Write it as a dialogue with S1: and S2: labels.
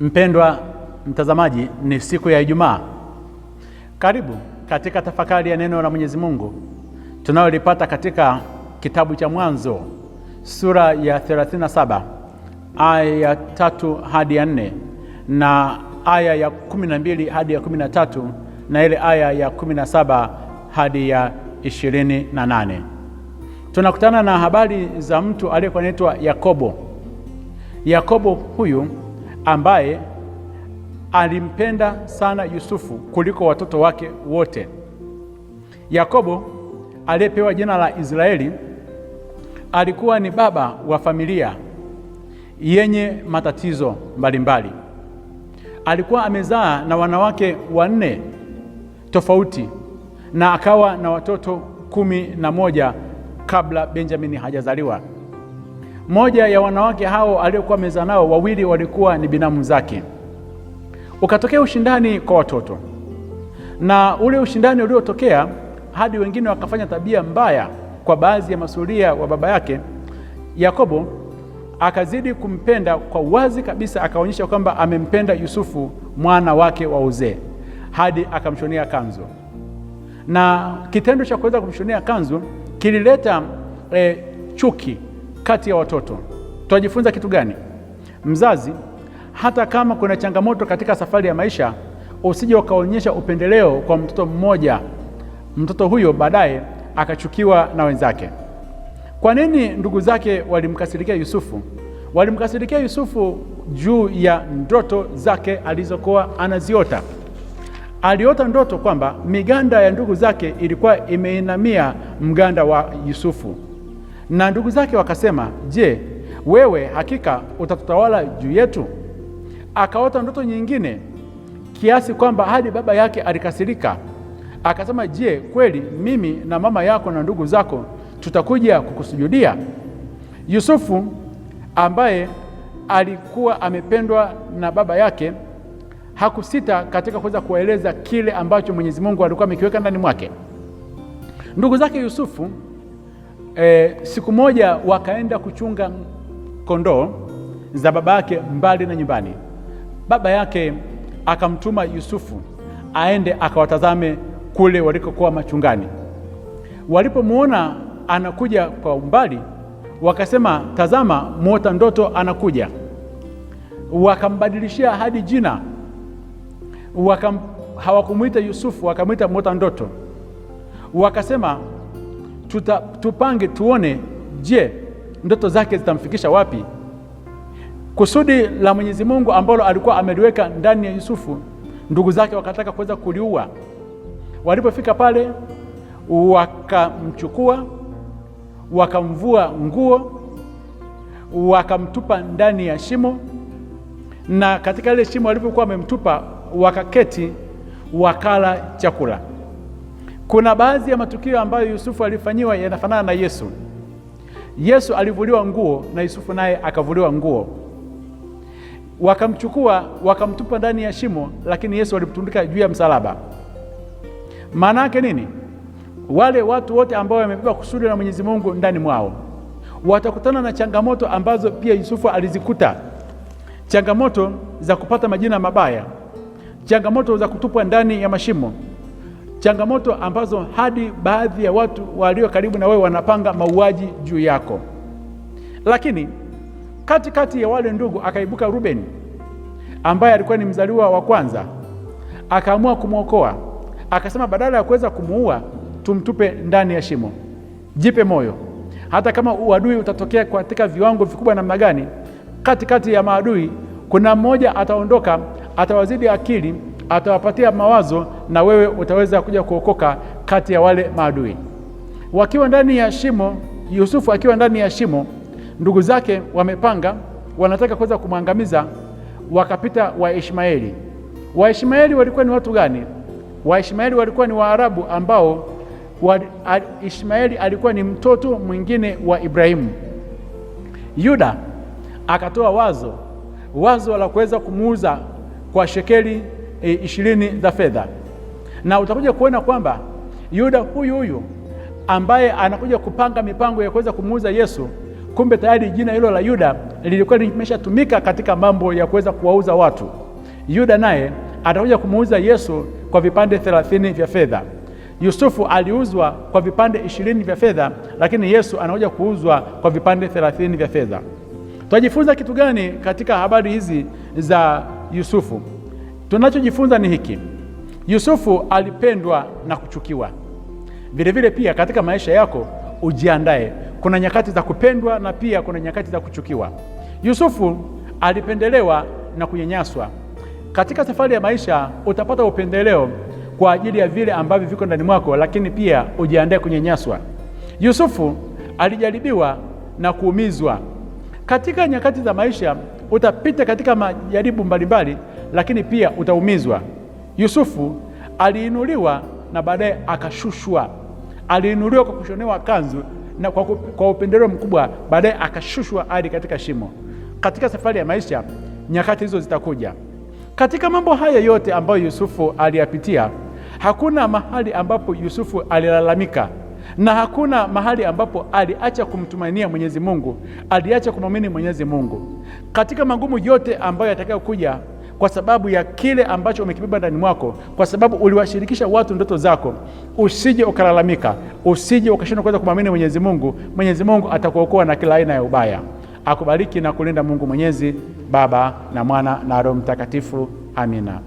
S1: Mpendwa mtazamaji, ni siku ya Ijumaa. Karibu katika tafakari ya neno la Mwenyezi Mungu tunalolipata katika kitabu cha Mwanzo sura ya 37 aya ya tatu hadi ya nne na aya ya kumi na mbili hadi ya kumi na tatu na ile aya ya kumi na saba hadi ya ishirini na nane tunakutana na habari za mtu aliyekuwa anaitwa Yakobo. Yakobo huyu ambaye alimpenda sana Yusufu kuliko watoto wake wote. Yakobo aliyepewa jina la Israeli alikuwa ni baba wa familia yenye matatizo mbalimbali Alikuwa amezaa na wanawake wanne tofauti na akawa na watoto kumi na moja kabla Benjamini hajazaliwa. Moja ya wanawake hao aliokuwa meza nao, wawili walikuwa ni binamu zake. Ukatokea ushindani kwa watoto, na ule ushindani uliotokea hadi wengine wakafanya tabia mbaya kwa baadhi ya masuria wa baba yake. Yakobo akazidi kumpenda kwa wazi kabisa, akaonyesha kwamba amempenda Yusufu mwana wake wa uzee, hadi akamshonea kanzu, na kitendo cha kuweza kumshonea kanzu kilileta e, chuki kati ya watoto. Tunajifunza kitu gani? Mzazi, hata kama kuna changamoto katika safari ya maisha, usije ukaonyesha upendeleo kwa mtoto mmoja, mtoto huyo baadaye akachukiwa na wenzake. Kwa nini ndugu zake walimkasirikia Yusufu? Walimkasirikia Yusufu juu ya ndoto zake alizokuwa anaziota. Aliota ndoto kwamba miganda ya ndugu zake ilikuwa imeinamia mganda wa Yusufu. Na ndugu zake wakasema, je, wewe hakika utatutawala juu yetu? Akaota ndoto nyingine kiasi kwamba hadi baba yake alikasirika, akasema, je, kweli mimi na mama yako na ndugu zako tutakuja kukusujudia? Yusufu ambaye alikuwa amependwa na baba yake hakusita katika kuweza kueleza kile ambacho Mwenyezi Mungu alikuwa amekiweka ndani mwake. Ndugu zake Yusufu E, siku moja wakaenda kuchunga kondoo za baba yake mbali na nyumbani. Baba yake akamtuma Yusufu aende akawatazame kule walikokuwa machungani. Walipomwona anakuja kwa umbali, wakasema, tazama, mwota ndoto anakuja. Wakambadilishia hadi jina, wakam, hawakumwita Yusufu, wakamwita mwota ndoto, wakasema tuta, tupange tuone, je, ndoto zake zitamfikisha wapi? Kusudi la Mwenyezi Mungu ambalo alikuwa ameliweka ndani ya Yusufu, ndugu zake wakataka kuweza kuliua. Walipofika pale, wakamchukua wakamvua nguo, wakamtupa ndani ya shimo, na katika ile shimo walivyokuwa wamemtupa, wakaketi wakala chakula. Kuna baadhi ya matukio ambayo Yusufu alifanyiwa yanafanana na Yesu. Yesu alivuliwa nguo na Yusufu naye akavuliwa nguo, wakamchukua wakamtupa ndani ya shimo, lakini Yesu alimtundika juu ya msalaba. Maana yake nini? Wale watu wote ambao wamebeba kusudi na Mwenyezi Mungu ndani mwao watakutana na changamoto ambazo pia Yusufu alizikuta, changamoto za kupata majina mabaya, changamoto za kutupwa ndani ya mashimo changamoto ambazo hadi baadhi ya watu walio karibu na wewe wanapanga mauaji juu yako. Lakini katikati kati ya wale ndugu akaibuka Rubeni ambaye alikuwa ni mzaliwa wa kwanza, akaamua kumwokoa, akasema badala ya kuweza kumuua tumtupe ndani ya shimo. Jipe moyo, hata kama uadui utatokea katika viwango vikubwa namna gani, katikati ya maadui kuna mmoja ataondoka, atawazidi akili atawapatia mawazo na wewe utaweza kuja kuokoka kati ya wale maadui. Wakiwa ndani ya shimo, Yusufu akiwa ndani ya shimo, ndugu zake wamepanga, wanataka kuweza kumwangamiza, wakapita Waishmaeli. Waishmaeli walikuwa ni watu gani? Waishmaeli walikuwa ni Waarabu ambao wa, Ishmaeli alikuwa ni mtoto mwingine wa Ibrahimu. Yuda akatoa wazo wazo la kuweza kumuuza kwa shekeli E, ishirini za fedha, na utakuja kuona kwamba Yuda huyu huyu ambaye anakuja kupanga mipango ya kuweza kumuuza Yesu, kumbe tayari jina hilo la Yuda lilikuwa limeshatumika katika mambo ya kuweza kuwauza watu. Yuda naye atakuja kumuuza Yesu kwa vipande thelathini vya fedha. Yusufu aliuzwa kwa vipande ishirini vya fedha, lakini Yesu anakuja kuuzwa kwa vipande thelathini vya fedha. tuajifunza kitu gani katika habari hizi za Yusufu? Tunachojifunza ni hiki: Yusufu alipendwa na kuchukiwa. Vilevile pia katika maisha yako ujiandae, kuna nyakati za kupendwa na pia kuna nyakati za kuchukiwa. Yusufu alipendelewa na kunyanyaswa. Katika safari ya maisha utapata upendeleo kwa ajili ya vile ambavyo viko ndani mwako, lakini pia ujiandae kunyanyaswa. Yusufu alijaribiwa na kuumizwa. Katika nyakati za maisha utapita katika majaribu mbalimbali lakini pia utaumizwa. Yusufu aliinuliwa na baadaye akashushwa. Aliinuliwa kwa kushonewa kanzu na kwa, kwa upendeleo mkubwa, baadaye akashushwa hadi katika shimo. Katika safari ya maisha, nyakati hizo zitakuja. Katika mambo haya yote ambayo Yusufu aliyapitia, hakuna mahali ambapo Yusufu alilalamika na hakuna mahali ambapo aliacha kumtumainia Mwenyezi Mungu, aliacha kumwamini Mwenyezi Mungu. Katika magumu yote ambayo yatakayokuja kwa sababu ya kile ambacho umekibeba ndani mwako, kwa sababu uliwashirikisha watu ndoto zako. Usije ukalalamika, usije ukashindwa kuweza kumwamini Mwenyezi Mungu. Mwenyezi Mungu atakuokoa na kila aina ya ubaya. Akubariki na kulinda Mungu Mwenyezi, Baba na Mwana na Roho Mtakatifu. Amina.